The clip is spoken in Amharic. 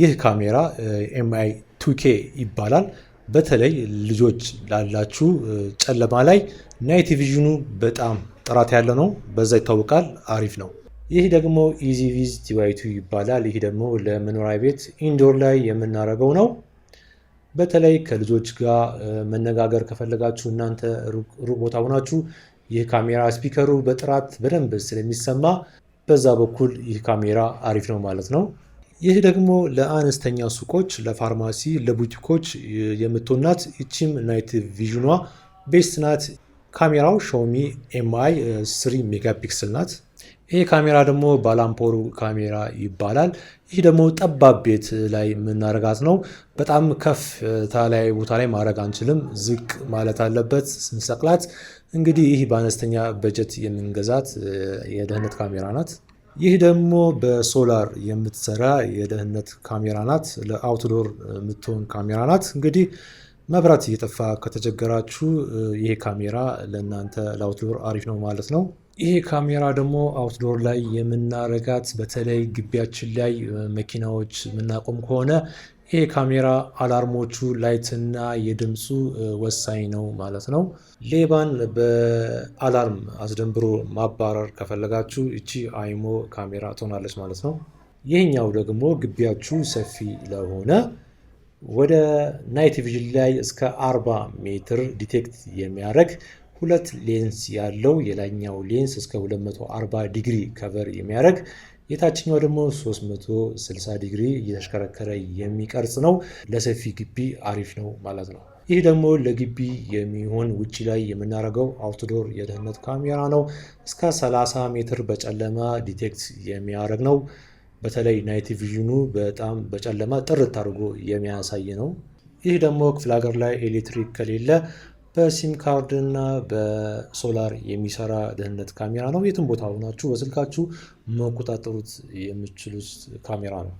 ይህ ካሜራ ኤምአይ ቱኬ ይባላል። በተለይ ልጆች ላላችሁ ጨለማ ላይ ናይት ቪዥኑ በጣም ጥራት ያለ ነው። በዛ ይታወቃል። አሪፍ ነው። ይህ ደግሞ ኢዚቪዝ ቲዋይቱ ይባላል። ይህ ደግሞ ለመኖሪያ ቤት ኢንዶር ላይ የምናደርገው ነው። በተለይ ከልጆች ጋር መነጋገር ከፈለጋችሁ እናንተ ሩቅ ቦታ ሆናችሁ ይህ ካሜራ ስፒከሩ በጥራት በደንብ ስለሚሰማ በዛ በኩል ይህ ካሜራ አሪፍ ነው ማለት ነው። ይህ ደግሞ ለአነስተኛ ሱቆች፣ ለፋርማሲ፣ ለቡቲኮች የምትናት ናት። ይቺም ናይት ቪዥኗ ቤስት ናት። ካሜራው ሾሚ ኤምአይ ስሪ ሜጋፒክስል ናት። ይሄ ካሜራ ደግሞ ባላምፖሩ ካሜራ ይባላል። ይህ ደግሞ ጠባብ ቤት ላይ የምናረጋት ነው። በጣም ከፍ ላይ ቦታ ላይ ማድረግ አንችልም፣ ዝቅ ማለት አለበት ስንሰቅላት። እንግዲህ ይህ በአነስተኛ በጀት የምንገዛት የደህንነት ካሜራ ናት። ይህ ደግሞ በሶላር የምትሰራ የደህንነት ካሜራ ናት። ለአውትዶር የምትሆን ካሜራ ናት። እንግዲህ መብራት እየጠፋ ከተቸገራችሁ ይሄ ካሜራ ለእናንተ ለአውትዶር አሪፍ ነው ማለት ነው። ይሄ ካሜራ ደግሞ አውትዶር ላይ የምናረጋት በተለይ ግቢያችን ላይ መኪናዎች የምናቆም ከሆነ ይሄ ካሜራ አላርሞቹ ላይትና የድምፁ ወሳኝ ነው ማለት ነው። ሌባን በአላርም አስደንብሮ ማባረር ከፈለጋችሁ እቺ አይሞ ካሜራ ትሆናለች ማለት ነው። ይህኛው ደግሞ ግቢያችሁ ሰፊ ለሆነ ወደ ናይት ቪዥን ላይ እስከ 40 ሜትር ዲቴክት የሚያደርግ ሁለት ሌንስ ያለው የላይኛው ሌንስ እስከ 240 ዲግሪ ከቨር የሚያደርግ የታችኛው ደግሞ 360 ዲግሪ እየተሽከረከረ የሚቀርጽ ነው። ለሰፊ ግቢ አሪፍ ነው ማለት ነው። ይህ ደግሞ ለግቢ የሚሆን ውጭ ላይ የምናደርገው አውትዶር የደህንነት ካሜራ ነው። እስከ 30 ሜትር በጨለማ ዲቴክት የሚያደርግ ነው። በተለይ ናይት ቪዥኑ በጣም በጨለማ ጥርት አድርጎ የሚያሳይ ነው። ይህ ደግሞ ክፍለ ሀገር ላይ ኤሌክትሪክ ከሌለ በሲም ካርድ እና በሶላር የሚሰራ ደህንነት ካሜራ ነው። የትም ቦታ ሆናችሁ በስልካችሁ መቆጣጠሩት የምችሉት ካሜራ ነው።